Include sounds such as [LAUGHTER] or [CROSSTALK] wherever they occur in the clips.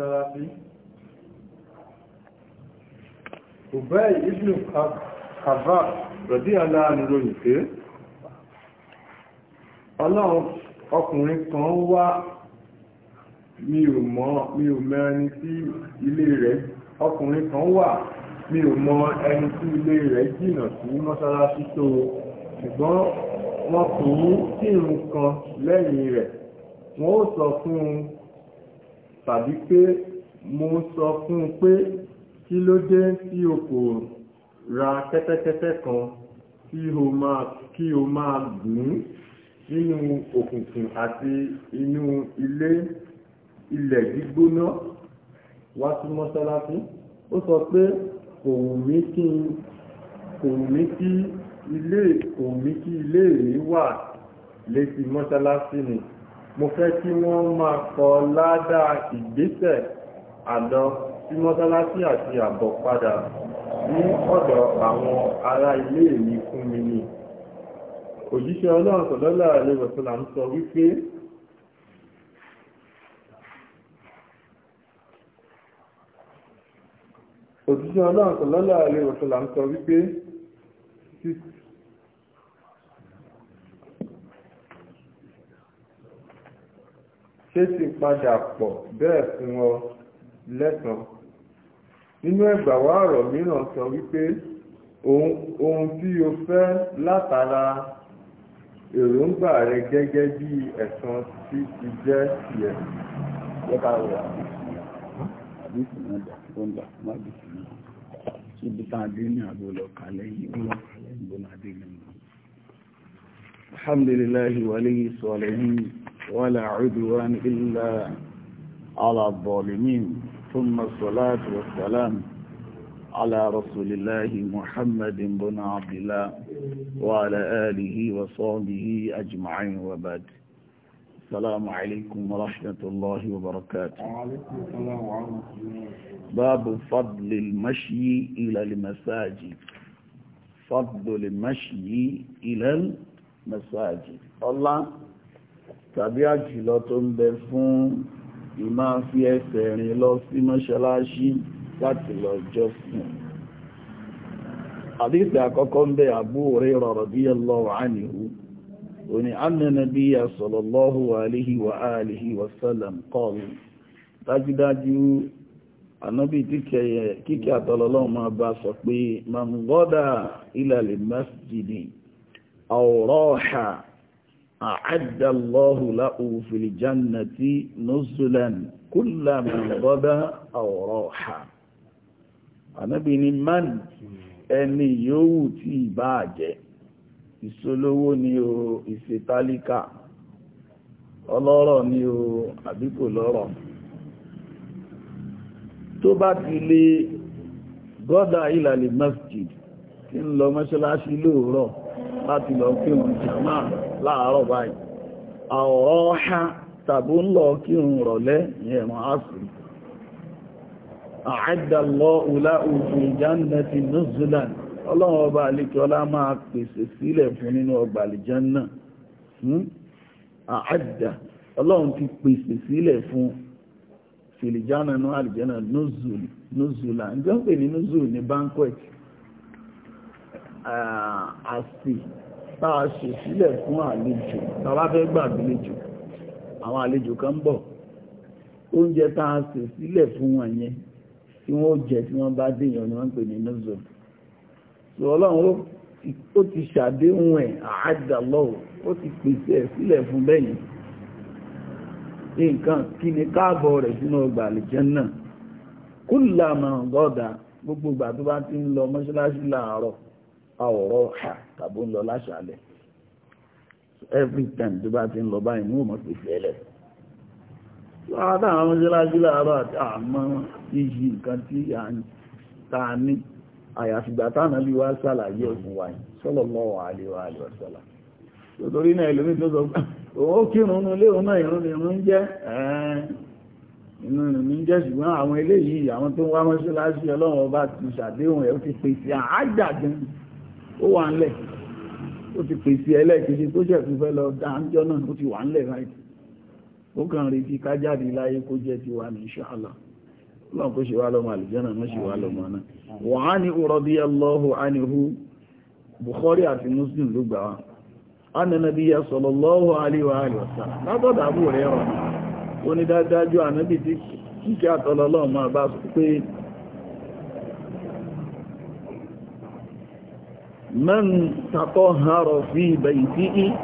mọ́sálásí Ubay ibn Ka'ab radiyallahu anhu ròyìn pé ọlọ́run ọkùnrin kan wá mi ò mọ̀ ẹni tí ilé rẹ̀ ọkùnrin kan wà mi ò mọ̀ ẹni tí ilé rẹ̀ jìnà sí mọ́sálásí tó ṣùgbọ́n wọ́n kò ní kírun kan lẹ́yìn rẹ̀ wọ́n ó sọ fún un tàbí pé mo sọ fún un pé kí ló dé tí o kò ra kẹ́tẹ́kẹ́tẹ́ kan tí o máa kí o máa gùn nínú òkùnkùn àti inú ilé ilẹ̀ gbígbóná wá sí mọ́sálásí ó sọ pé kò wù mí kí kò wù mí kí ilé kò wù mí kí mọ́sálásí ni mo fẹ́ kí wọ́n máa kọ ládàá ìgbésẹ̀ àlọ sí mọ́sálásí àti àbọ̀ padà ní ọ̀dọ̀ àwọn ará ilé mi fún mi ni òjíṣẹ́ ọlọ́run sọ̀lọ́lá àlẹ́wọ̀sọ́là ń sọ wípé òjíṣẹ́ ọlọ́run sọ̀lọ́lá àlẹ́wọ̀sọ́là ń sọ wípé ṣé sì padà pọ̀ bẹ́ẹ̀ fún ọ lẹ́san nínú ẹgbà wá ọ̀rọ̀ mìíràn sọ wípé ohun tí o fẹ́ látara èròǹgbà rẹ gẹ́gẹ́ bí ẹ̀san tí ti jẹ́ tiẹ̀. Ibi tá a dé ní ولا عدوان إلا على الظالمين ثم الصلاة والسلام على رسول الله محمد بن عبد الله وعلى آله وصحبه أجمعين وبعد السلام عليكم ورحمة الله وبركاته باب فضل المشي إلى المساجد فضل المشي إلى المساجد الله tàbí àjùlọ tó ń bẹ fún ìmá fi ẹsẹ̀ rìn lọ sí mọ́ṣáláṣí láti lọ jọ́sìn àdíṣì àkọ́kọ́ ń bẹ Abu Hurairah radiyallahu anhu òní annanabi sallallahu alihi wa alihi wa sallam qala dájúdájú ànábì kíkẹ́ àtọlọ́lọ́ máa bá sọ pé man ghada ila al-masjidi aw أعد الله له في الجنة نزلا من غدا أو راح Ànábì ní man ẹni yòówù tí ìbá jẹ́ ìṣolówó ni o ìṣetálíkà ọlọ́rọ̀ ni o àbí kò lọ́rọ̀ tó bá ti lè gọ́dà ìlàlẹ̀ masjid tí ń lọ mọ́ṣáláṣí lóòrọ̀ láti lọ kí òun jàmáà láàárọ̀ báyìí àwọ̀rọ̀ ha tàbí ń lọ kí ń rọ̀lẹ́ yẹ̀mọ̀ áṣìí àádàlọ́ ulá òfin ìjánẹ́tì nùzùlán ọlọ́run ọba àlekíọlá máa pèsè sílẹ̀ fún nínú ọgbà àlìjánà àádà hmm? ọlọ́run ti pèsè sílẹ̀ fún fìlìjánà ní àlìjánà nùzùlán ìjọ́ pè ní táa ṣe sílẹ̀ fún àlejò tàbá fẹ́ gbàgbélejò àwọn àlejò kan bọ̀ oúnjẹ táa ṣe sílẹ̀ fún wọn yẹn tí wọ́n jẹ tí wọ́n bá dèèyàn ni wọ́n ń pè ní nọ́zọ̀ so ọlọ́run ó ti ṣàdéhùn ẹ̀ àádàlọ́wọ̀ ó ti pèsè ẹ̀ sílẹ̀ fún bẹ́yìn nǹkan kí ni káàbọ̀ rẹ̀ sínú ọgbà àlejò náà kúlàmọ̀ gọ́dà gbogbo ìgbà tó bá ti ń lọ mọ́ṣáláṣí láàárọ̀ àwọ̀rọ̀ ọ̀hà tàbí ń lọ láṣàlẹ̀ every time tó bá ti ń lọ báyìí mú mọ̀ pèsè ẹlẹ̀ láàdáwọn mọ́sálásí láàárọ̀ àti àmọ́ yíyí nǹkan tí a ń ta ní àyàfìgbà táwọn bí wá sàlàyé ọ̀sùn wáyé sallallahu alaihi wa alihi wasallam torí náà ìlú tó sọ ó kírun inú ilé òun náà jẹ́ ṣùgbọ́n àwọn eléyìí àwọn tó ń wá mọ́sálásí ọlọ́run ọba ti ṣàdéhùn ẹ̀ ó ti pèsè àájà gan-an ó wà ń lẹ̀ ó ti pèsè ẹlẹ́ẹ̀kejì tó ṣẹ̀kú fẹ́ lọ dáńjọ́ náà ó ti wà ń lẹ̀ láìpẹ́ ó kàn rí kí ká jáde láyé kó jẹ́ ti wà ní ṣáàlá lọ́n kó ṣe wá lọ́mọ àlìjẹ́nà mọ́ ṣe wá lọ́mọ náà wà á ní ọ̀rọ̀bí Allahu anihu Bukhari àti Muslim ló gbà wá a nà nàbí ya sallallahu alaihi wa alihi wasallam látọ̀dà rọ̀ ní dájájú ànábì kíkẹ́ àtọlọ́lọ́ máa pé من تطهر في بيته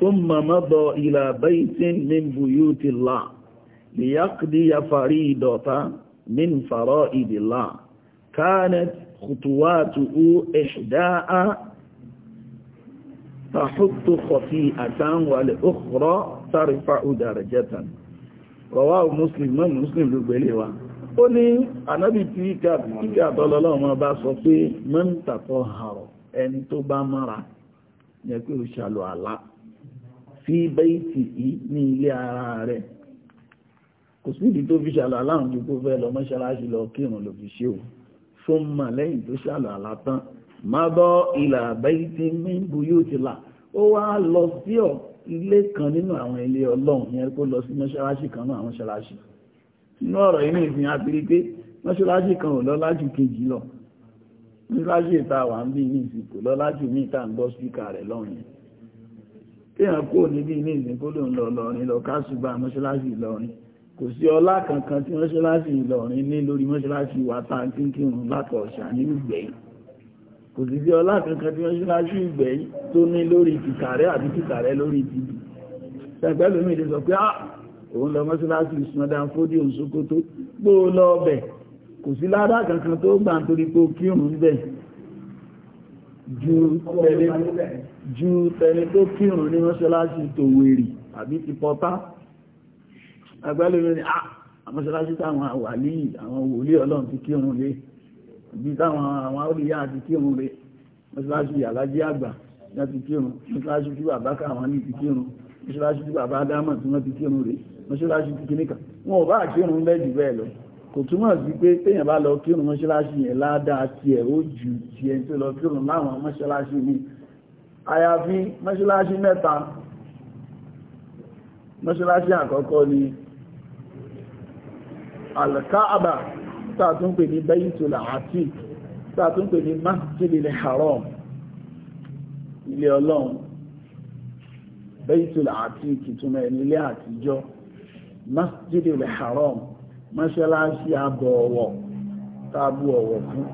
ثم مضى إلى بيت من بيوت الله ليقضي فريضة من فرائض الله كانت خطواته إحداء تحط خطيئة والأخرى ترفع درجة رواه مسلم من مسلم لبليوان ó ní ànábì tí kíkẹ́ àtọ́lọ́lọ́wọ́ bá sọ pé mọ́ntàtọ́ àrọ̀ ẹni tó bá mọ́ra yẹ pé ó ṣàlọ̀ àlá fi bẹ́ẹ̀tì yìí ní ilé ara rẹ̀ kò sídìí tó fi ṣàlọ̀ àlá òun ju kó fẹ́ lọ mọ́ṣáláṣí lọ kírun ló fi ṣe ilé kan nínú àwọn ilé ọlọ́run yẹn kó lọ sí mọ́ṣáláṣí kan náà àwọn mọ́ṣáláṣí inú ọ̀rọ̀ inú ìsìn àbírí pé mọ́ṣáláṣí kan ò lọ́lá jù kejì lọ mọ́ṣáláṣí ìta wà ń bí ní ìsìn kò lọ́lá jù ní ìta ń gbọ́ síkà rẹ̀ lọ́rin téèyàn kò níbi ní ìsìn kó ló ń lọ lọ́rin lọ káṣùgbà mọ́ṣáláṣí lọ́rin kò sí ọlá kankan tí mọ́ṣáláṣí Ìlọrin ní lórí mọ́ṣáláṣí wa tá ń kíkírun látọ̀ ọ̀ṣà nínú ìgbẹ̀yìn kò sí sí ọlá kankan tí mọ́ṣáláṣí ìgbẹ̀yìn tó ní lórí tìkàrẹ́ àbí tìkàrẹ́ lórí tìbì ṣẹ̀gbẹ́ lómi ìdí sọ pé ah, òun lọ mọ́síláṣí ìsúnmọ́dá fódí òun sókótó gbó lọ ọbẹ̀ kò sí ládá kankan tó gbà nítorí pé ó kírun bẹ̀ ju tẹni tó kírun ní mọ́síláṣí tòwèrì àbí ti pọ́tá agbálẹ́lẹ́ ni ah, àmọ́síláṣí táwọn àwàlí àwọn wòlíì ọlọ́run ti kírun lé bí táwọn àwọn olùyá ti kírun lé mọ́síláṣí mọ́ṣáláṣí tí bàbá adámọ̀ tí wọ́n ti kírun rẹ̀ mọ́ṣáláṣí ti kìníkà wọn ò bá kírun bẹ́ẹ̀ jù bẹ́ẹ̀ lọ kò túmọ̀ sí pé téèyàn bá lọ kírun mọ́ṣáláṣí yẹn ládàá tiẹ̀ ó ju tiẹ̀ tó lọ kírun láwọn mọ́ṣáláṣí mi àyàfi mọ́ṣáláṣí mẹ́ta mọ́ṣáláṣí àkọ́kọ́ ni alkaaba tààtún pè ní Baitul Atiq tààtún pè ní Masjidil Haram ilé ọlọ́run bẹ́ẹ̀tùlẹ̀ àti ìkìtùmọ̀ ẹ̀nílé àtijọ́ masjidil haram mọ́ṣáláṣí abọ̀ ọ̀wọ̀ tábù ọ̀wọ̀ fún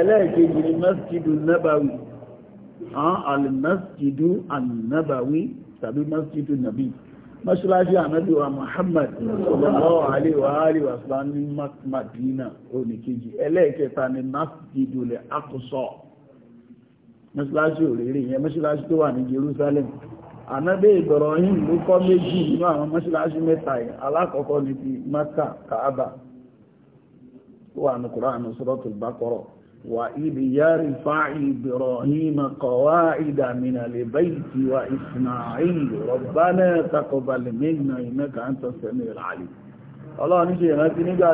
ẹlẹ́ẹ̀kejì ni masjidu nabawi al-masjidu an-nabawi tàbí masjidu nabi mọ́ṣáláṣí ànábì wa muhammad sallallahu alaihi wa alihi wa sallam ní madina oníkejì ẹlẹ́ẹ̀kẹta ni masjidul mọ́ṣíláṣí òrèrè yẹn mọ́ṣíláṣí tó wà ní Jerusalem ànábẹ́ Ibrahim ló kọ́ méjì nínú àwọn mọ́ṣíláṣí mẹ́ta yẹn alákọ̀ọ́kọ́ ní ti Maka Kaaba tó wà ní Kùránù Suratul Baqara wà ibi yári fáì Ibrahim qawa'ida minal bayti wa Isma'il Rabbana taqabbal minna innaka antas sami'ul alim ọlọ́run ní ṣe ìrántí nígbà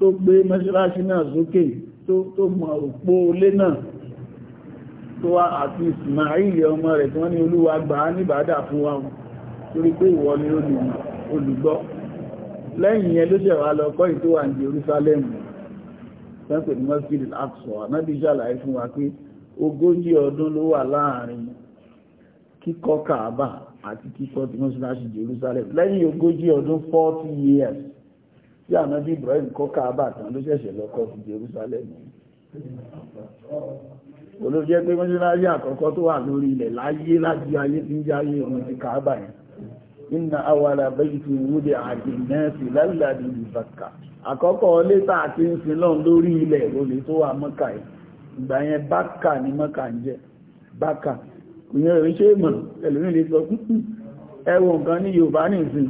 tó gbé mọ́ṣíláṣí náà sókè tó mọ̀ òpó olé náà tó wá àti Ismail ọmọ rẹ̀ tí wọ́n ní olúwa gbà á níbàdà fún wa torí pé ìwọ ni olùgbọ́ lẹ́yìn yẹn ló ṣẹ̀wà lọ kọ́ ìtó wà ní Jerusalem tẹ́pẹ̀ ní Masjid al-Aqsa anábí ṣàlàyé fún wa pé ogójì ọdún ló wà láàrin kíkọ́ Kaaba àti kíkọ́ tí wọ́n ṣe láti lẹ́yìn ogójì ọdún 40 years tí ànábì Ibrahim kọ́ káàbà tán ló ṣẹ̀ṣẹ̀ lọ́kọ́ ti Jerusalem olóòjẹ́ jẹ́ pé mọ́ṣáláṣí àkọ́kọ́ tó wà lórí ilẹ̀ láyé láti ayé tí ń jáyé ohun ti káàbà yẹn inna awala bayti wudi àdínnẹ́sì lálàdì ìbàkà àkọ́kọ́ létà àti ń sin lọ́n lórí ilẹ̀ olè tó wà mọ́kà yìí ìgbà yẹn bákà ní mọ́kà ń jẹ́ bákà ìyẹn rí ṣe mọ̀ ẹlòmí lè sọ hmm, hmm, ẹwọ nǹkan ní Yorùbá nìsín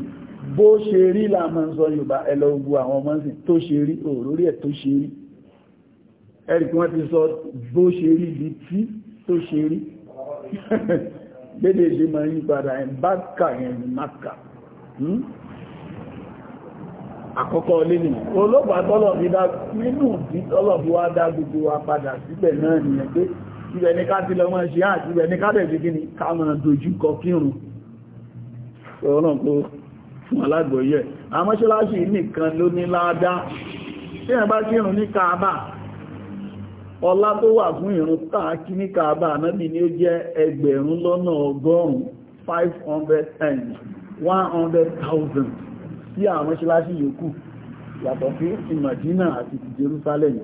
bó ṣe rí láàmọ́ sọ Yorùbá ẹlọ ogun àwọn ọmọ sí tó ṣe rí òrórí ẹ̀ tó ṣe rí ẹ̀rì kí wọ́n ti sọ bó ṣe rí ibi tí tó ṣe rí gbédè [LAUGHS] ṣe máa yí padà ẹ̀ bákà yẹn mákà hmm? àkọ́kọ́ olé nì olóògbà tọ́lọ̀ nínú ìdí tọ́lọ̀ bí wá dá gbogbo wa padà síbẹ̀ náà nìyẹn pé ibẹ̀ ní ká ti lọ mọ́ ṣe àti ibẹ̀ ní ká bẹ̀ sí kí ni ká máa dojú kọ kírun ọ̀rọ̀ náà fún alágbòyẹ̀ nìkan ló ní tí ẹ̀ bá ní kaaba ọlá tó wà fún ìrun táàkì ní kaaba ni ó jẹ́ ẹgbẹ̀rún lọ́nà ọgọ́rùn-ún 500,000 100,000 sí àmọ́ṣáláṣí yòókù yàtọ̀ sí ìmọ̀dínà àti Jerusalem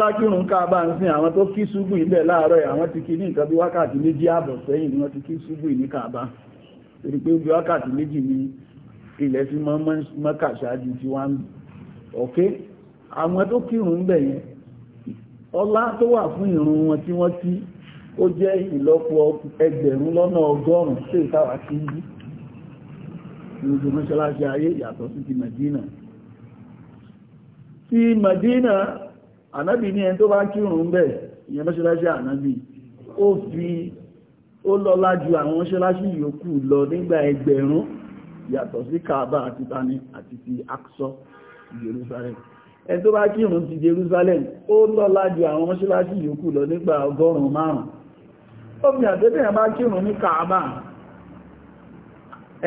bá káàbá ń sin àwọn tó kí ṣúgbù ilẹ̀ láàárọ̀ àwọn ti kí ní nǹkan bí wákàtí méjì ni wọ́n torí pé bí wákàtí méjì ni ilẹ̀ fi mọ́ mọ́kà ṣáájú tí wá ń ọ̀kẹ́ àwọn tó kírun ń bẹ̀ yẹn ọlá tó wà fún ìrun wọn tí wọ́n kí ó jẹ́ ìlọ́po ẹgbẹ̀rún lọ́nà ọgọ́rùn-ún sí ìtawà sí ibi lójú mọ́ṣáláṣí ayé yàtọ̀ sí ti Madina ti Madina anábì ní ẹni tó bá kírun ń bẹ̀ ìyẹn mọ́ṣáláṣí anábì ó fi ó lọ́lá ju àwọn mọ́ṣáláṣí yòókù lọ nígbà ẹgbẹ̀rún yàtọ̀ sí kaaba àti tani àti ti aksọ Jerusalem ẹ tó bá kírun ti Jerusalem ó lọ́lá ju àwọn mọ́ṣáláṣí yòókù lọ nígbà ọgọ́rùn-ún márùn-ún omi àtẹ́tẹ̀yàn bá kírun ní kaaba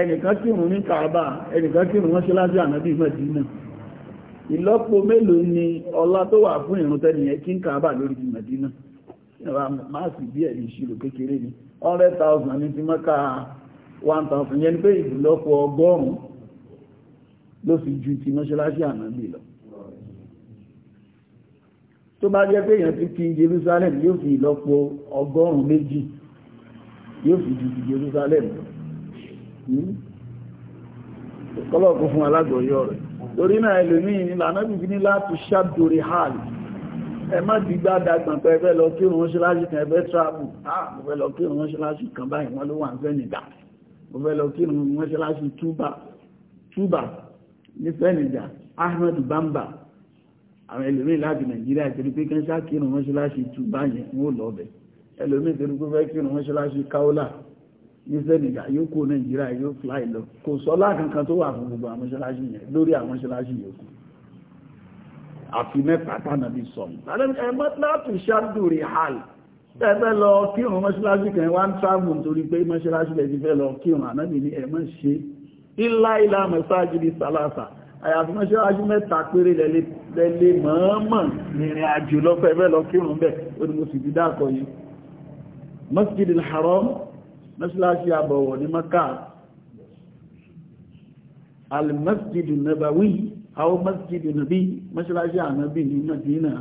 ẹnìkan kírun ní kaaba ẹnìkan kírun mọ́ṣáláṣí ànábì Mẹ́dínà ìlọ́po mélòó ni ọlá tó wà fún ìrun tẹ́nìyàn kí ń kaaba lórí Mẹ́dínà máàsì díẹ̀ ní ìṣirò kékeré ni hundred thousand ní ti mọ́ká 1000 thousand yẹn ni pé ìbùlọ́pọ̀ ọgọ́rùn-ún ló fi ju ti mọ́ṣáláṣí ànábì lọ tó bá jẹ́ pé èèyàn ti kí Jerusalem yóò fi ìlọ́pọ̀ ọgọ́rùn-ún méjì yóò fi ju ti Jerusalem lọ hmm? kọ́lọ́ọ̀kún fún alágbọ̀yọ́ rẹ̀ torí náà ẹlòmíì ni lànà bìbí ní láti ṣàdórí hàlì ẹ má di gbádàgbọ̀n pé ẹgbẹ́ lọ kírun mọ́ṣáláṣí kan ẹgbẹ́ travel ah mo fẹ́ lọ kírun mọ́ṣáláṣí kan báyìí wọ́n ló wà ń fẹ́ nìdá mo fẹ́ lọ kírun mọ́ṣáláṣí túbà túbà ní fẹ́nìjà ahmed bamba àwọn ẹlòmíì láti nàìjíríà torí pé kí n sá kírun mọ́ṣáláṣí túbà yẹn ń ó lọ bẹ̀ ẹlòmíì torí pé fẹ́ kírun mọ́ṣáláṣí kaola ní fẹ́nìjà yóò kó nàìjíríà yóò fly lọ kò sọ́lá kankan tó wà fún gbogbo àwọn mọ́ṣáláṣí yẹn lórí àwọn mọ́ṣáláṣí yòókù àfi mẹ́ta tánàbí sọ̀rọ̀ ẹ̀mọ́tàtù ṣáàdù rí hàl tẹ́fẹ́ lọ kírun mọ́ṣíláṣí kan wá ń tààmù torí pé mọ́ṣíláṣí lẹ́ ti fẹ́ lọ kírun ànábì ní ẹ̀mọ́ ṣe ilá ilá mẹ́sáàjìdì sàlásà àyàfi mọ́ṣíláṣí mẹ́ta péré lẹ́lẹ́ mọ́ọ́mọ̀ nìrìn àjò lọ́fẹ́fẹ́ lọ kírun bẹ́ẹ̀ ó ní mo àwọn masjid nàbí mọ́ṣáláṣí ànábì ní Madina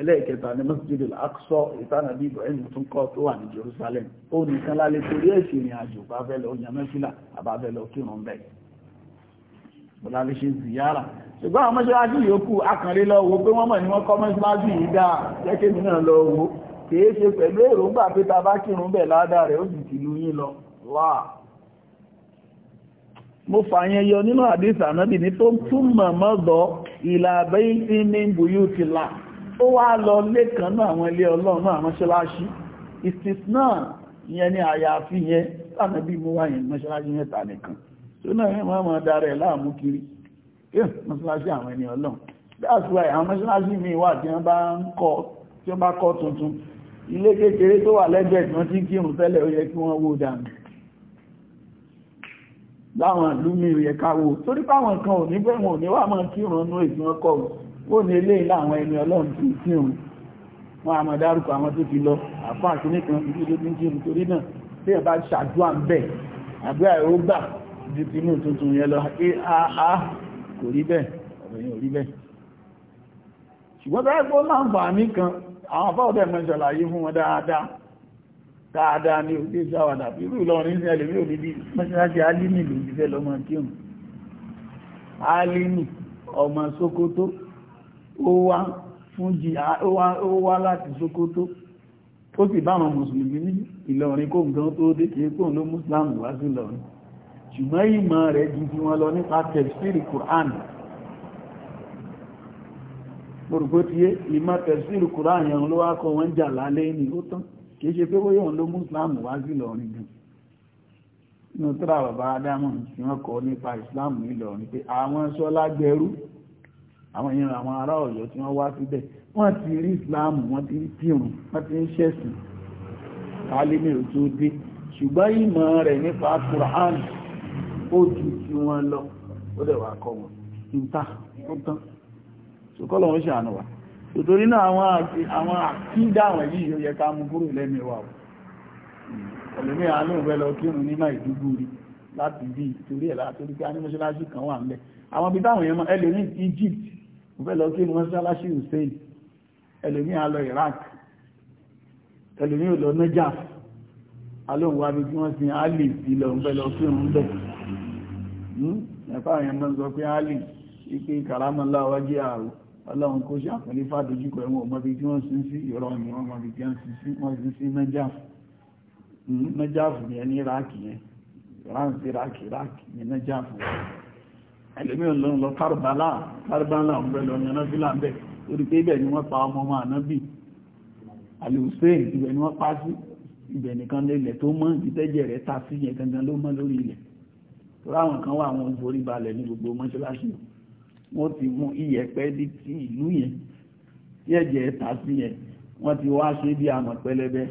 ẹlẹ́ẹ̀kẹta ní masjid al-Aqsa ìtànàbí Ibrahim tún kọ́ tó wà ní Jerusalem ó nìkan lálẹ́ torí ẹ̀sìn ìrìn àjò bá fẹ́ lọ yamẹ́fìlà àbá fẹ́ lọ kírun bẹ́ẹ̀ bọ́lá lè ṣe ziyara ṣùgbọ́n àwọn mọ́ṣáláṣí yòókù akànrí lọ wo pé wọ́n mọ̀ ní wọ́n kọ́ mọ́ṣáláṣí yìí dáa jẹ́kẹ́ mi náà mo fàyẹn yọ nínú àdísà náàbì ní tó túnmọ̀ mọ́dọ̀ ìlàbẹ́ ìsí ní buyú ti là ó wá lọ lẹ́kànnú àwọn ilé ọlọ́run àwọn mọ́ṣáláṣí ìsìsná ìyẹn ni àyàfi yẹn tánàbí mú wáyé mọ́ṣáláṣí mẹ́ta nìkan tó náà yẹn mọ́ darẹ̀ láàmú kiri mọ́ṣáláṣí àwọn ẹni that's why àwọn mọ́ṣáláṣí mi wà tí wọ́n bá ń kọ́ tí wọ́n bá kọ́ tuntun ilé láwọn ìlú mi yẹ káwò torí páwọn kan ò ní bẹ́ẹ̀ wọn ò ní wà máa kírun nú èsì wọn kọ̀ ó ní eléyìí láwọn ẹni ọlọ́run tí kírun wọn a máa dárúkọ àwọn tó ti lọ àfáà kí nìkan ìlú tó ti ń kírun torí náà tí ẹ bá ṣàdúrà ń bẹ̀ àdúrà ẹ̀ ó gbà ju tinú tuntun yẹn lọ aaa kò rí bẹ́ẹ̀ ọ̀rọ̀ yẹn ò rí bẹ́ẹ̀ ṣùgbọ́n bẹ́ẹ̀ dáadáa ní ojú ìṣàwàdà irú ìlọrin ní ẹlẹ́mí ò níbi mọ́ṣáláṣí alímì ló ti fẹ́ lọ́mọ kíhùn alímì ọmọ Sókótó ó wá fúnjì ó wá láti Sókótó ó sì bá àwọn mùsùlùmí ní ìlọrin kó nǹkan tó dé kìí kó ló mùsùlùmí wá sí ìlọrin ṣùgbọ́n ìmọ̀ rẹ̀ ju ti wọn lọ nípa tẹ̀síìrì Qur'an gbogbo tiye ìmọ̀ tẹ̀síìrì Qur'an yẹn ló wá kọ wọn jà lálẹ́ ní ó tán kìí ṣe pé ó yóò ló muslim wá sí lọ́rin gan inú tíra bàbá adamu tí wọ́n kọ́ nípa islam nílọrin pé àwọn ṣọ́lá gbẹrú àwọn èèyàn àwọn ará ọ̀yọ́ tí wọ́n wá síbẹ̀ wọ́n ti rí islam wọ́n ti rí kírun wọ́n ti ń ṣẹ̀sìn kálímìrì tó dé ṣùgbọ́n ìmọ̀ rẹ̀ nípa quran ó ju tí wọ́n lọ ó dẹ̀ wá kọ́ wọn níta ó tán ṣùkọ́ lọ́wọ́ ṣàánú wa tòtorí náà àwọn àkídà àwọn yìí yóò yẹ ká mú kúrò lẹ́mẹ̀wà ọ̀lẹ́mẹ́ àánúfẹ́ lọ kírun ní Maiduguri láti bí torí ẹ̀ látorí pé a ní mọ́ṣáláṣí kan wà ńlẹ̀ àwọn ibi táwọn èèyàn Egypt mo fẹ́ lọ kírun mọ́ṣáláṣí Hussein ẹlòmí á lọ Iraq ẹlòmí ò lọ Najaf alóhùn wábi tí wọ́n sin Ali sí lọ ń fẹ́ lọ kírun mọ́ hmm? sọ pé Ali ọlọ́run kó ṣàfẹ́lé fàdójúkọ ẹ̀wọ̀n ọmọbi tí wọ́n sin sí ìrọ̀ ni wọ́n tí wọ́n sin sí nájáfù nájáfù hmm, yẹn ní iraki yẹn ránṣẹ́ iraki iraki ní nájáfù ẹlẹ́mí ọlọ́run lọ kárùbálà kárùbálà ọ̀bẹ̀lọ yẹnà fílà bẹ́ẹ̀ torí pé ibẹ̀ ni wọ́n pa ọmọ ọmọ ànábì àlè ibẹ̀ ni wọ́n pa sí ibẹ̀ nìkan lélẹ̀ tó mọ́ ìtẹ́jẹ̀ rẹ̀ ta sí yẹn gangan ló mọ́ lórí ilẹ̀ tó ráwọn kan wà àwọn òforí balẹ̀ ní gbogbo mọ́ṣáláṣí wọ́n ti mú iyẹ̀pẹ̀ ní ti ìlú yẹn tí ẹ̀jẹ̀ ẹ̀ta sí yẹn wọ́n ti wá ṣe bí àmọ̀ pẹlẹbẹ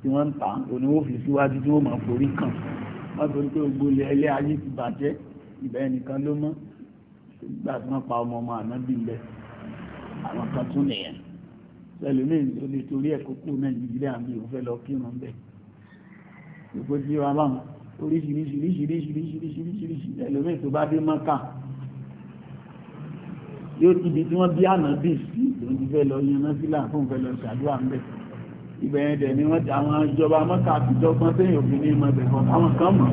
tí wọ́n ń tà òní wọ́n fi síwájú tí wọ́n máa forí kàn wọ́n torí pé gbogbo ilẹ̀ ilé ayé ti bàjẹ́ ibẹ̀ nìkan ló mọ́ nígbà tí wọ́n pa ọmọ ọmọ ànábì lẹ̀ àwọn kan tún nìyẹn ẹlòmíì ló lè torí ẹ̀ kókó nàìjíríà bí òun fẹ́ lọ kírun bẹ́ẹ̀ gbogbo tí wọ́n bá yóò ibi tí wọ́n bí ànábì sí òun ti fẹ́ lọ yan náfìlà fún fẹ́ lọ ṣàdúrà ń bẹ̀ ibẹ̀ yẹn dẹ̀ ni wọ́n ti àwọn ìjọba mọ́ta àtijọ́ kan sẹ́yìn òfin ní ìmọ̀ ẹ̀bẹ̀ kan àwọn kan mọ̀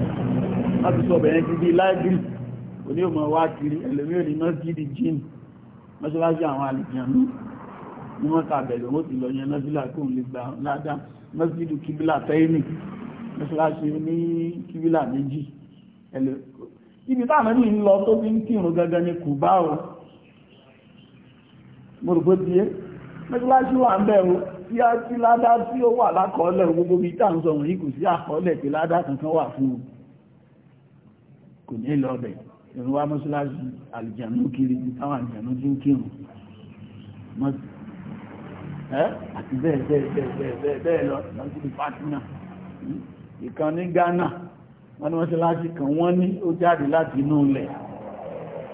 wọ́n ti sọ bẹ̀rẹ̀ ti di láìbírì òní òmọ̀ wá kiri ẹlòmí òní mọ́sídì jíìn mọ́ṣáláṣí àwọn àlìjànú ní wọ́n ta bẹ̀rẹ̀ wọ́n ti lọ yan náfìlà kó lè gbà ládá mọ́sídì kíbílà tẹ́yìnì mọ́ṣáláṣí ní kíbílà méjì tó fi ń kírun gangan ni kù bá mọ̀rùgbó ti yé mẹ́tíláṣí wà ń bẹ̀rù tí a ti ládá tí ó wà lákọọ́lẹ̀ gbogbo bí tá ń sọ wọ̀nyí kò sí àkọọ́lẹ̀ tí ládá kankan wà fún un kò ní lọ bẹ̀ ìrún wa mọ́ṣáláṣí àlìjànú kiri ju táwọn àlìjànú tí ń kírun àti bẹ́ẹ̀ bẹ́ẹ̀ bẹ́ẹ̀ bẹ́ẹ̀ lọ lọ́sí ibi pátínà ìkan ní Ghana wọ́n ní mọ́ṣáláṣí kan wọ́n ní ó jáde láti inú ilẹ̀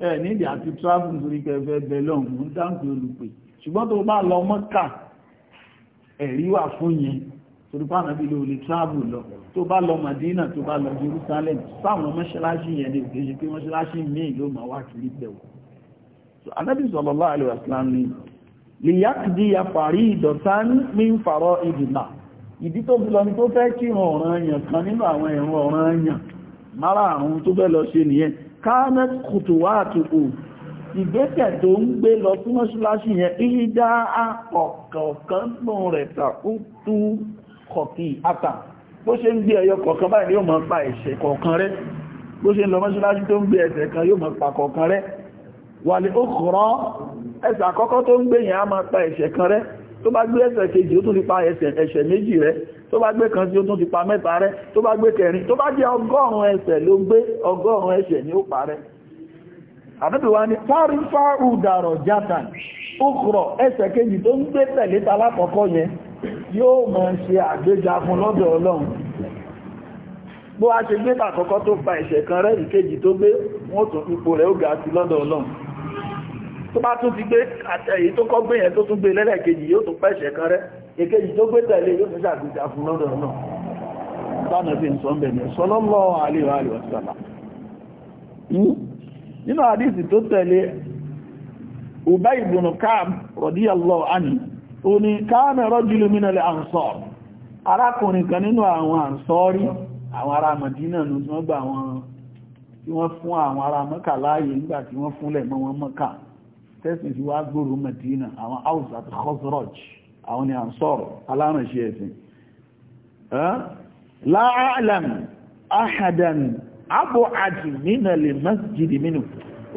ẹ nídìí àti travel nítorí pẹ̀fẹ́ belong ń dáǹkì olùpè ṣùgbọ́n tó bá lọ mọ́kà ẹ̀rí wà fún yẹn torí pàánà bí lóòlè travel lọ tó bá lọ Madina tó bá lọ Jerusalem sáwọn mọ́ṣáláṣí yẹn ní òkèṣe pé mọ́ṣáláṣí míì ló máa wá kiri bẹ̀wò so anábì sallallahu alaihi wasallam ni lè yákìdí ya fàrí ìdọ̀tán ní ń fàrọ ìdìnà ìdí tó fi lọ ni tó fẹ́ kírun ọ̀ranyàn kan nínú àwọn ẹ̀rùn ọ̀ranyàn márààrún tó fẹ́ lọ ṣe nìyẹn kánẹ́t kùtùwà àtùkù ìgbésẹ̀ tó ń gbé lọ sí mọ́ṣúláṣí yẹn ìdá ọ̀kọ̀ọ̀kan nù rẹ̀ tàkútù kọ̀kì àtà bó ṣe ń gbé ẹyọ kọ̀ọ̀kan báyìí yóò mọ́ pa ẹ̀ṣẹ̀ kọ̀ọ̀kan rẹ̀ bó ṣe ń lọ mọ́ṣúláṣí tó ń gbé ẹsẹ̀ kan yóò mọ́ pa kọ̀ọ̀kan rẹ̀ wà lè ó kọ̀rọ̀ ẹsẹ̀ àkọ́kọ́ tó ń gbé yẹn á máa pa ẹ̀ṣẹ̀ kan rẹ̀ tó bá gbé ẹsẹ̀ kejì ó tún lè pa ẹ̀ṣẹ̀ méjì rẹ̀ tó bá gbé kan sí ó tún ti pa mẹ́ta rẹ́ tó bá gbé kẹrin tó bá jẹ́ ọgọ́rùn-ún ẹsẹ̀ ló gbé ọgọ́rùn ẹsẹ̀ ni ó parẹ́ àdúgbòwá ni fárífá ùdàrọ̀ játàn ó kọ̀rọ̀ ẹsẹ̀ kejì tó ń gbé tẹ̀lé ta lákọ̀ọ́kọ́ yẹn yóò mọ̀ ṣe àgbéga fún lọ́dọ̀ ọlọ́run bó a ṣe gbé tàkọ́kọ́ tó pa ẹsẹ̀ kan rẹ́ ìkejì tó gbé wọ́n tún ipò rẹ̀ ó ga sí lọ́dọ̀ ọlọ́run tó bá tún ti gbé àtẹ̀yí tó kọ́ gbé yẹn tó tún gbé lẹ́lẹ́kejì yóò tún pẹ̀ṣẹ̀ kan rẹ́ èkejì tó gbé tẹ̀lé yóò fẹ́ ṣàgbéjà fún lọ́dọ̀ náà lánàá fi ń sọ bẹ̀rẹ̀ sọlọ́lọ́ àlèwà àlèwà sàlá nínú àdísì tó tẹ̀lé Ubay ibn Ka'b radiyallahu anhu ó ní kana rajulun min al-ansar arákùnrin kan nínú àwọn àǹsọ́rí àwọn ará Madina ní tí wọ́n gbà wọn tí wọ́n fún àwọn ará Mẹ́kà láàyè nígbà tí wọ́n fúnlẹ̀ mọ́ wọn Mẹ́kà tẹ́sìn sí wá gbòrò Madina àwọn Aus àti Khosroj àwọn ni à ń sọ̀rọ̀ alárànṣẹ́ ẹ̀sìn láàlàm ahadan abu adi nínà lè masjidi mínú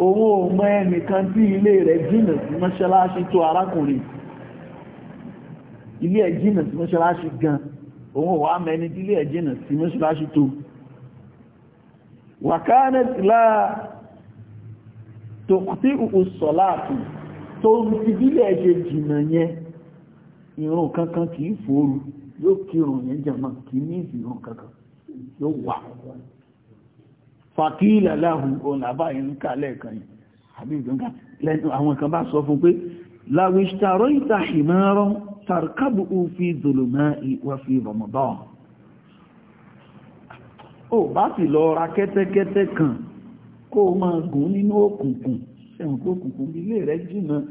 owó ọmọ ẹnìkan tí ilé rẹ̀ jìnà sí mọ́ṣáláṣí tó arákùnrin ilé ẹ̀ jìnà sí mọ́ṣáláṣí gan òun wà mẹ́ni tí ilé ẹ̀ jìnà sí mọ́ṣáláṣí tó wàkánẹ̀tì láà tó kùtí ìsọ̀láàtù tó ti bílẹ̀ ṣe jìnà yẹn ìrun kankan kì í fòoru yóò kírun yẹn jàmá kì í ní ìrun kankan yóò wà fàkílà láhù ọ̀làbá ìrìn kálẹ̀ kan yìí àbí ìgbọ́nká lẹ́nu àwọn kan bá sọ fún pé láwìṣtàrọ ìtàṣìmọ́rán tàrkábù fi zolomá ìwà fi rọmọdán ó bá sì lọ ra kẹ́tẹ́kẹ́tẹ́ kan kó máa gùn nínú òkùnkùn ẹ̀wọ̀n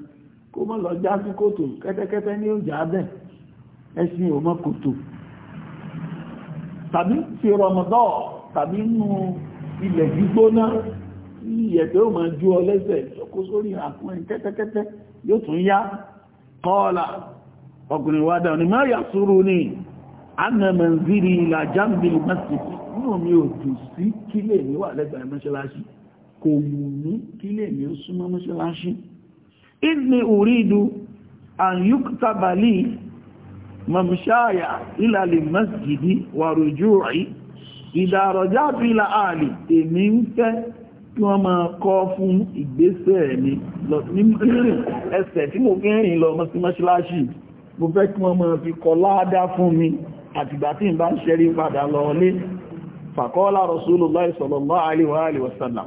kó mọ́ lọ já sí kòtò kẹ́tẹ́kẹ́tẹ́ ní òjà bẹ̀ ẹṣin ò mọ́ kòtò tàbí ti rọmọdọ́ tàbí nú ilẹ̀ gbígbóná ìyẹ̀tẹ́ ò máa ju ọ lẹ́sẹ̀ ìjọkó sórí àkùnrin kẹ́tẹ́kẹ́tẹ́ yóò tún yá kọ́ọ̀lá ọkùnrin wádà ní máa yà súrú ní anàmọ̀zírí ìlà jambil masjid إذني أريد أن يكتب لي ممشاي إلى المسجد ورجوعي إذا رجعت إلى أهلي èmi ń fẹ́ kí wọ́n máa kọ fún ìgbésẹ̀ mi lọ nírìn ẹsẹ̀ tí mo fi ń rìn lọ mọ́ sí mọ́ṣíláṣì mo fẹ́ kí wọ́n máa fi kọ láádá fún mi àtìgbà tí n bá ń ṣẹ́rí padà lọ lé fàkọ́lá Rasulullah sallallahu alaihi wa sallam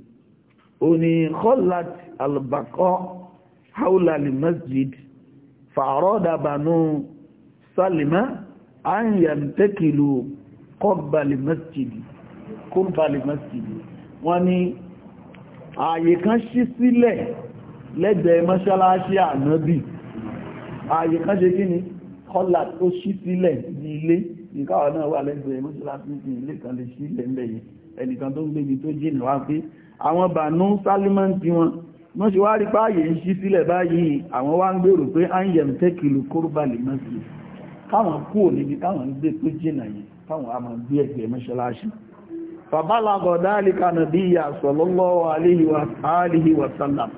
oni khallat albaqa hawla almasjid fa'arada banu salima an yantakilu qabba almasjid qabba almasjid wani ààyè kan ṣí sílẹ̀ lẹ́gbẹ̀ẹ́ mọ́ṣáláṣí ànábì ààyè kan ṣe kí ni khallat ó ṣí sílẹ̀ ní ilé nìkáwà náà wà lẹ́gbẹ̀ẹ́ mọ́ṣáláṣí ní ilé kan lè ṣí lẹ́m̀bẹ̀yẹ ẹnìkan tó ń gbé ibi tó jìnà wá pé àwọn bànú sálímọ́n tí wọn wọ́n ṣe wá rí páàyè ń ṣí sílẹ̀ báyìí àwọn wá ń gbèrò pé áńyẹ̀m tẹ́kìlù kórúbalì mọ́sí káwọn kúrò níbi káwọn ń gbé tó jìnà yìí káwọn a máa gbé ẹgbẹ̀ mọ́ṣáláṣí fàbálàgọ̀ dáàlìkà ìyà sallallahu wa sallam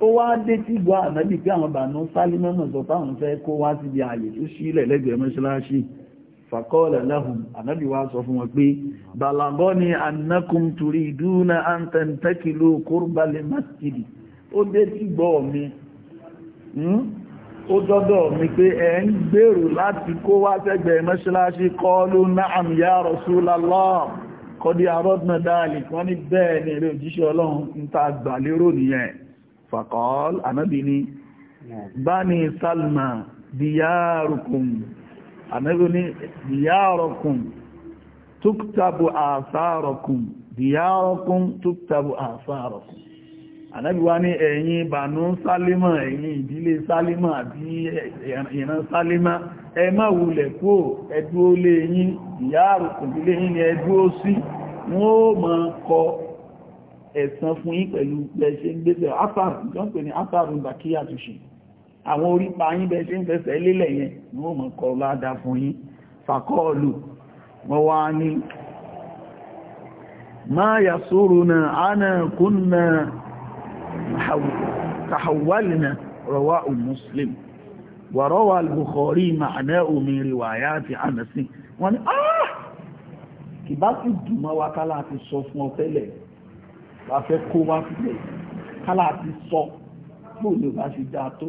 ó wá dé tí gbọ́ ànábì pé àwọn bànú sálímọ́mọ̀ sọ fáwọn fẹ́ fàkọ́ọ̀lẹ̀ lẹ́hùn ànábì wá sọ fún wọn pé balagọ́ ni annakum turi dúnà antantakilo kúrbálẹ̀ masjidi ó dé tí gbọ́ mi hmm? ó dọ́dọ̀ mi pé ẹ ń gbèrò láti kó wá sẹ́gbẹ̀ mọ́ṣáláṣí kọlu na'am ya rasulallah kọdí arọ́dùnà dáàlì wọ́n ànábì ní diyarakum tuktabu atharakum diyarakum tuktabu atharakum ànábì wá ní ẹ̀yin bànú sálímà ẹ̀yin ìdílé sálímà àbí ìran sálímà ẹ má wulẹ̀ kó ẹdú ó lé yín diyarakum ilé yín ni ẹdú ó sí wọ́n ó máa kọ ẹ̀san fún yín pẹ̀lú pẹ̀ṣẹ́ gbẹ́sẹ̀ àwọn orípa yín bẹ́ ṣe ń fẹ́fẹ́ lélẹ̀ yẹn ni wọ́n mọ̀ kọ́ ládá fún yín fàkọ́ọ̀lù wọ́n wá ní máa yà sóró na ánà kún na kàhàwálì na rọwá o muslim wà rọwà al-bukhari ma'ana omi riwaya ti anasin wọ́n ni ah kì bá ti dùnmọ́ wa kálá ti sọ fún ọ̀tẹ́lẹ̀ wà fẹ́ kó wá sílẹ̀ kálá ti sọ bóòlù bá tó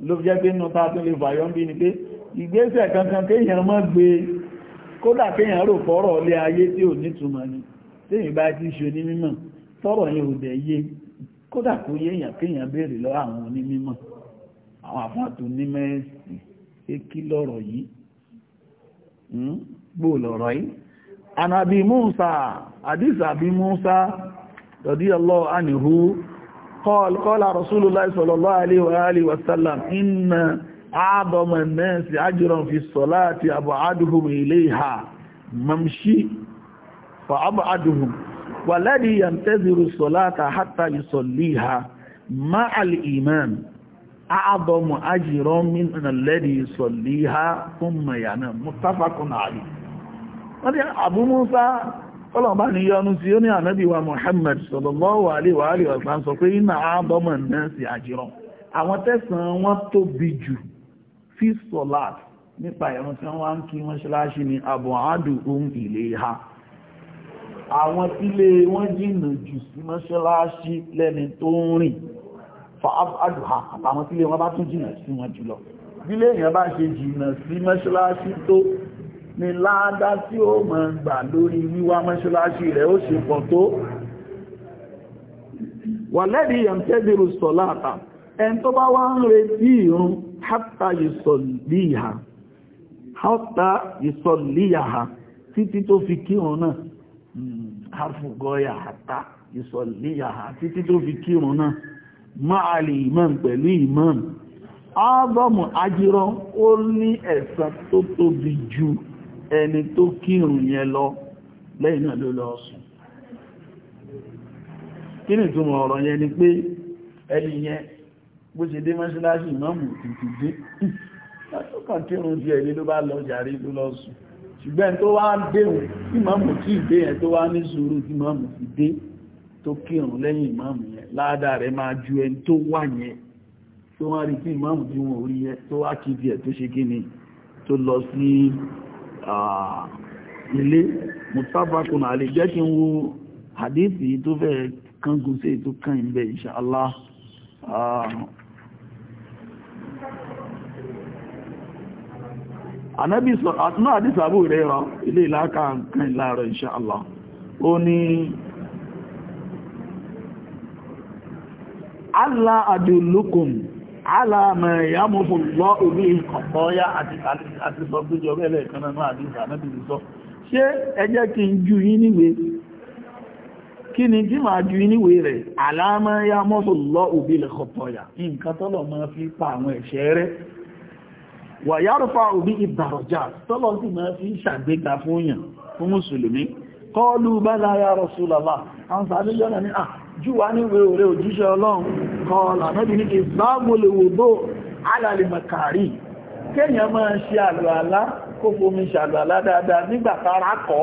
ló fi jẹ́ pé nínú tá tún lè fàyọ́ ń bí ni pé ìgbésẹ̀ kankan kéèyàn mọ́ gbé kódà kéèyàn rò fọ́rọ̀ ilé ayé tí ò nítumọ̀ ni téèyàn bá ti ṣe onímọ̀ tọ́rọ̀ yẹn ò dẹ̀ yé kódà kó yéèyàn kéèyàn béèrè lọ àwọn onímọ̀ àwọn àfáàtò onímọ̀ ẹ̀sìn pé kí lọ́rọ̀ yìí gbò hmm? lọ́rọ̀ yìí anabi musa hadith abi musa radiyallahu anhu قال قال رسول الله صلى الله عليه وآله وسلم إن أعظم الناس عجرا في الصلاة أبعدهم إليها ممشي فأبعدهم والذي ينتظر الصلاة حتى يصليها مع الإمام أعظم أجرا من الذي يصليها ثم ينام متفق عليه أبو موسى ọlọ́ọ̀bá ni yọnu sí ó ní ànábì wa Muhammad sallallahu alaihi wa alihi wasallam sọ pé iná àádọ́mọ̀ náà sì àjírọ̀ àwọn tẹ̀sán wọn tóbi jù fi sọ̀láàt nípa ẹ̀rùn tí wọ́n ń kí wọ́n ṣíláṣí ni àbọ̀ àádù ohun ilé ha àwọn tílé wọ́n jìnnà jù sí mọ́ṣáláṣí lẹ́ni tó ń rìn fa'adùhà àtàwọn tílé wọ́n bá tún jìnnà sí wọn jùlọ ni láádá tí ó máa gbà lórí wíwá mọ́ṣáláṣí rẹ̀ ó ṣe pọ̀ tó wà lẹ́dí yàmtẹ́bìrù sọ̀láàtà ẹn tó bá wá ń retí ìrun hátà ìsọ̀líyàhá títí tó fi kírun náà hmm, harfugọ́yà hátà ìsọ̀líyàhá títí tó fi kírun náà máa lè imam ẹni tó kírun yẹn lọ lẹ́yìn náà ló lọ sùn kí ni ìtumọ̀ ọ̀rọ̀ yẹn ni pé ẹni yẹn bó ṣe dé mọ́ṣáláṣí ìmáàmù tìtì dé látọ́kàn tí òun ti ẹ̀lẹ́ ló bá lọ jàrí ló lọ sùn ṣùgbọ́n tó wá déhùn tí ìmáàmù tí ìdé yẹn tó wá ní sùúrù tí ìmáàmù fi dé tó kírun lẹ́yìn ìmáàmù yẹn ládàá rẹ̀ máa ju ẹni tó wà yẹn tó wá rí tí ìmáàmù tí wọn ò yẹn tó wá kí tiẹ̀ tó ṣe kí ni tó lọ sí ilé mustapakun àlè jẹ́ kí n wo hadithi tó fẹ́ kángun sí ètò kan ìbẹ̀ inshallah anábì sọ àtúnà àdísàbò rẹ̀ rọ ilé ìlàkà kan ìlàrọ̀ inshallah ó ní Allah adùlùkùn aláàmọ̀ ìyá mú fún lọ orí ìkọ̀kọ́yá àti sọ pé jọ rẹ̀lẹ̀ kan náà àti ìsànàbì sọ ṣé ẹ kí n ju yín níwé kí ni kí máa ju yín níwé rẹ̀ aláàmọ̀ ìyá mú fún lọ orí ìkọ̀kọ́yá nǹkan tọ́lọ̀ máa fi pa àwọn ẹ̀ṣẹ̀ rẹ̀ wà yárùfà orí ìdàrọ̀já tọ́lọ̀ sì máa fi ṣàgbéga fún yàn fún mùsùlùmí kọlu bá láyá rọ̀ṣùlọ́lá àwọn sàbíjọ́ náà ní à ah, júwà níwé òrẹ́ òjíṣẹ́ ọlọ́run kọlà náàbí ní ìsìláàmùlè wòdó alàlè màkàrí kéèyàn máa ṣe àlùàlá kó fomi ṣàlùàlá dáadáa nígbà tára kọ́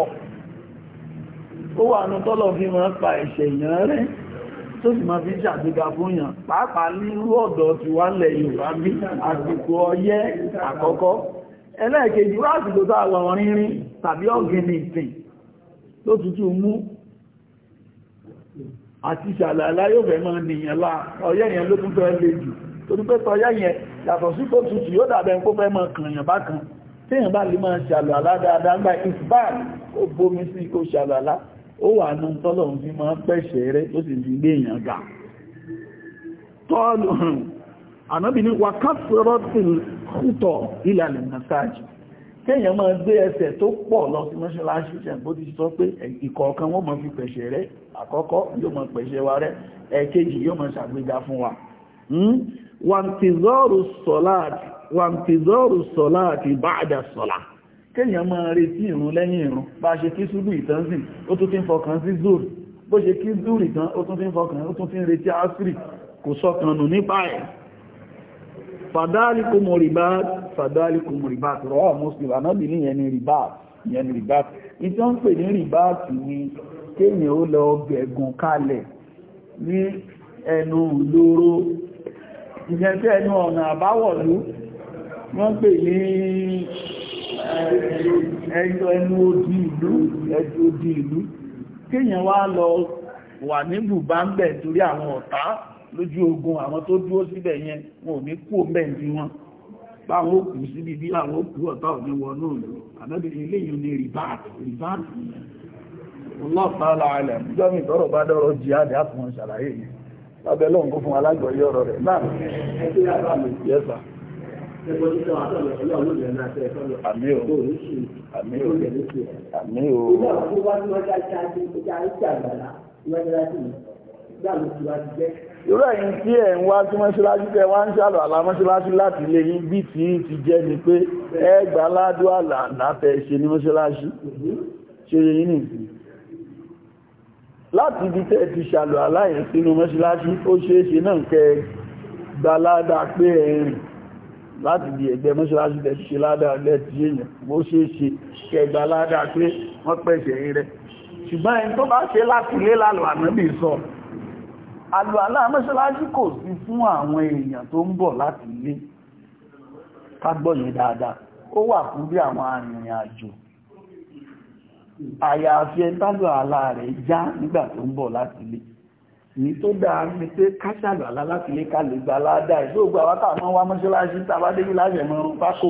ó wà ní tọ́lọ̀ fi máa pa ẹ̀ṣẹ̀ èèyàn rẹ̀ tó sì máa fi ṣàgbéga fún yàn pàápàá nírú ọ̀dọ̀ ti wá lẹ̀ Yorùbá bí àsìkò ọyẹ́ àkọ́kọ́ ẹlẹ́ẹ̀kejì wá tó àwọn rírin tàbí ọ̀gìnìtìn tó tútù mú àti ṣàlàlá yóò fẹ́ mọ́ nìyàn láà ọyẹ́ yẹn ló tún fẹ́ lè jù tó ní pẹ́tọ̀ ọyẹ́ yẹn yàtọ̀ sí kó tutù yóò dàbẹ̀ kó fẹ́ mọ́ kànyàn bá kan tí èyàn bá lè máa ṣàlàlá dáadáa gba ìfbáà ó bomi sí kó ṣàlàlá ó wà nù tọ́lọ̀un fi máa pẹ̀ṣẹ̀ rẹ̀ tó sì fi gbé èyàn gà tọ́lù ànábì ní wakásọ́rọ́tì kútọ̀ kéèyàn máa gbé ẹsẹ̀ tó pọ̀ lọ sí mọ́ṣáláṣí ṣẹ̀bó ti sọ pé ìkọ̀ọ̀kan wọ́n máa fi pẹ̀ṣẹ̀ rẹ̀ àkọ́kọ́ yóò máa pẹ̀ṣẹ̀ wa rẹ̀ ẹ̀kejì yóò máa ṣàgbéga fún wa wàǹtìzọ́rù sọ́lá àti báàdà sọ́lá kéèyàn máa retí ìrun lẹ́yìn ìrun bá ṣe kí ṣúgbù ìtánsìn ó tún ti ń fọkàn sí zúrù bó ṣe kí zúrù ìtán ó tún ti ń fọkàn ó tún ti ń retí ásírì kò sọkànnù nípa ẹ̀ fàdálìkùn ribat fàdálìkùn ribat rọ́wà muslim ní ribat yẹn ribat ń pè ní ribat ni kéèyàn ó lọ gẹ̀gùn kalẹ̀ ní ẹnu lóró ìyẹn ẹnu ọ̀nà àbáwọ̀lú wọ́n pè ní eh, ẹnu odi ìlú ẹjọ́ odi ìlú lójú ogun àwọn tó dúró síbẹ̀ yẹn wọn ò ní kú mẹ́ǹdí wọn báwọn ó kú síbi bí àwọn ó kú ọ̀tá òní wọn náà lò ànábì eléyìí ni rìbáàtì rìbáàtì yẹn ọlọ́pàá láàrẹ̀ ìjọ́mì ìtọ́rọ̀ bá dọ́rọ̀ jihad àfihàn ṣàlàyé yìí lábẹ́ lọ́n kó fún alágbọ̀yé ọ̀rọ̀ rẹ̀ náà yẹ́sà Àmì o. Àmì o. Àmì o. Ìgbà tó wá ní ọjà ìjà àti ìjà àgbàlá, ìwádìí láti irú ẹ̀yin tí ẹ̀ ń wá sí mọ́ṣáláṣí tẹ wá ń ṣàlọ̀ àlà mọ́ṣáláṣí láti lè yín bí tí ti jẹ́ ni pé ẹ gbà ládùn àlà látẹ̀ ṣe ní mọ́ṣáláṣí ṣe yẹ yín nìyí láti ibi tẹ́ ti ṣàlọ̀ àlà yẹn sínú mọ́ṣáláṣí ó ṣeéṣe náà kẹ gbà ládàá pé ẹ̀rìn láti di ẹgbẹ́ mọ́ṣáláṣí tẹ́ ti ṣe ládàá lẹ́tí èèyàn ó ṣeéṣe kẹ gbà ládàá pé wọ́n pẹ̀ṣẹ̀ rẹ̀ ṣùgbọ́n ẹni tó bá ṣe láti lé lálọ́ ànábì sọ àlùàlá mọ́ṣáláṣí kò sí fún àwọn èèyàn tó ń bọ̀ láti ilé kágbọ́yìn dáadáa ó wà fún bí àwọn arìnrìn àjò àyàfi ẹ̀ntálù àlá rẹ̀ já nígbà tó ń bọ̀ láti ilé ní tó dáa ní pé káṣàlù àlá láti ilé ká lè gba aládá ìṣó gba wátà mọ́ wá mọ́ṣáláṣí tàbádéjú láṣẹ̀mọ́rún pákó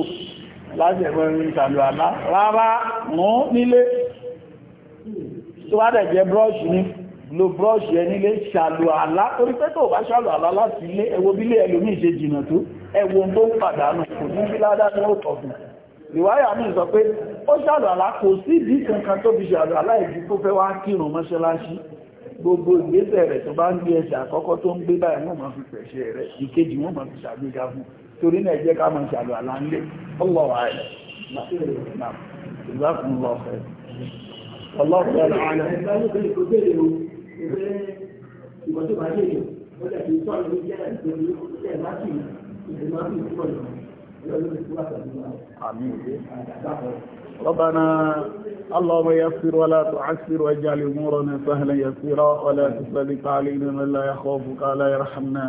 láṣẹ̀mọ́rún lo brush ẹ nílé ṣàlù àlá torí pé tó bá ṣàlù àlá láti ilé ẹwọ bílé ẹlòmí ṣe jìnà tó ẹwọ tó ń pàdánù kò ní bí ládá ní ó tọ̀gùn ìwáyà mi sọ pé ó ṣàlù àlá kò sí ìdí kankan tó fi ṣàlù àlá ìdí tó fẹ́ wá kírun mọ́ṣáláṣí gbogbo ìgbésẹ̀ rẹ̀ tó bá ń gbé ẹsẹ̀ àkọ́kọ́ tó ń gbé báyìí wọ́n máa fi pẹ̀ṣẹ̀ rẹ̀ ìkejì wọ́n máa fi ṣàgbéga fún torí náà jẹ́ ká máa ṣàlù àlá ńlẹ̀ ọlọ́wà rẹ̀ ìgbà Allah lọ́fẹ̀ẹ́ ọlọ́fẹ̀ẹ́ ìwé ìkọ̀tí bá yé yìí ó lè fi tọ́ ìlú jẹ́ ìgbèrú tẹ̀ má bì ìdè má bì túbọ̀ lọ lọ́dún tó wà pẹ̀lú wa. àmín ربنا اللهم يسر ولا تعسر واجعل امورنا سهلا يسيرا ولا تسلط علينا من لا يخافك ولا يرحمنا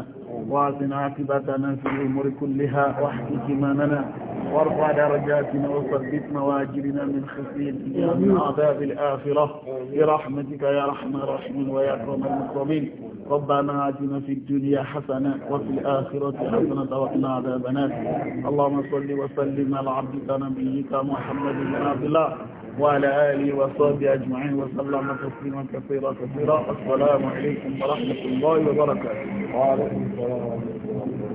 واعطنا عاقبتنا في الأمور كلها واحفظ إيماننا وارفع درجاتنا وثبت مواجبنا من خزي من عذاب الآخرة برحمتك يا ارحم الراحمين ويا أكرم المكرمين ربنا آتنا في الدنيا حسنة وفي الآخرة حسنة وقنا عذاب النار اللهم صل وسلم على عبدك نبيك محمد بن عبد الله وعلى آله وصحبه أجمعين وسلم تسليما كثيرا كثيرا السلام عليكم ورحمة الله وبركاته وعليكم السلام ورحمة الله وبركاته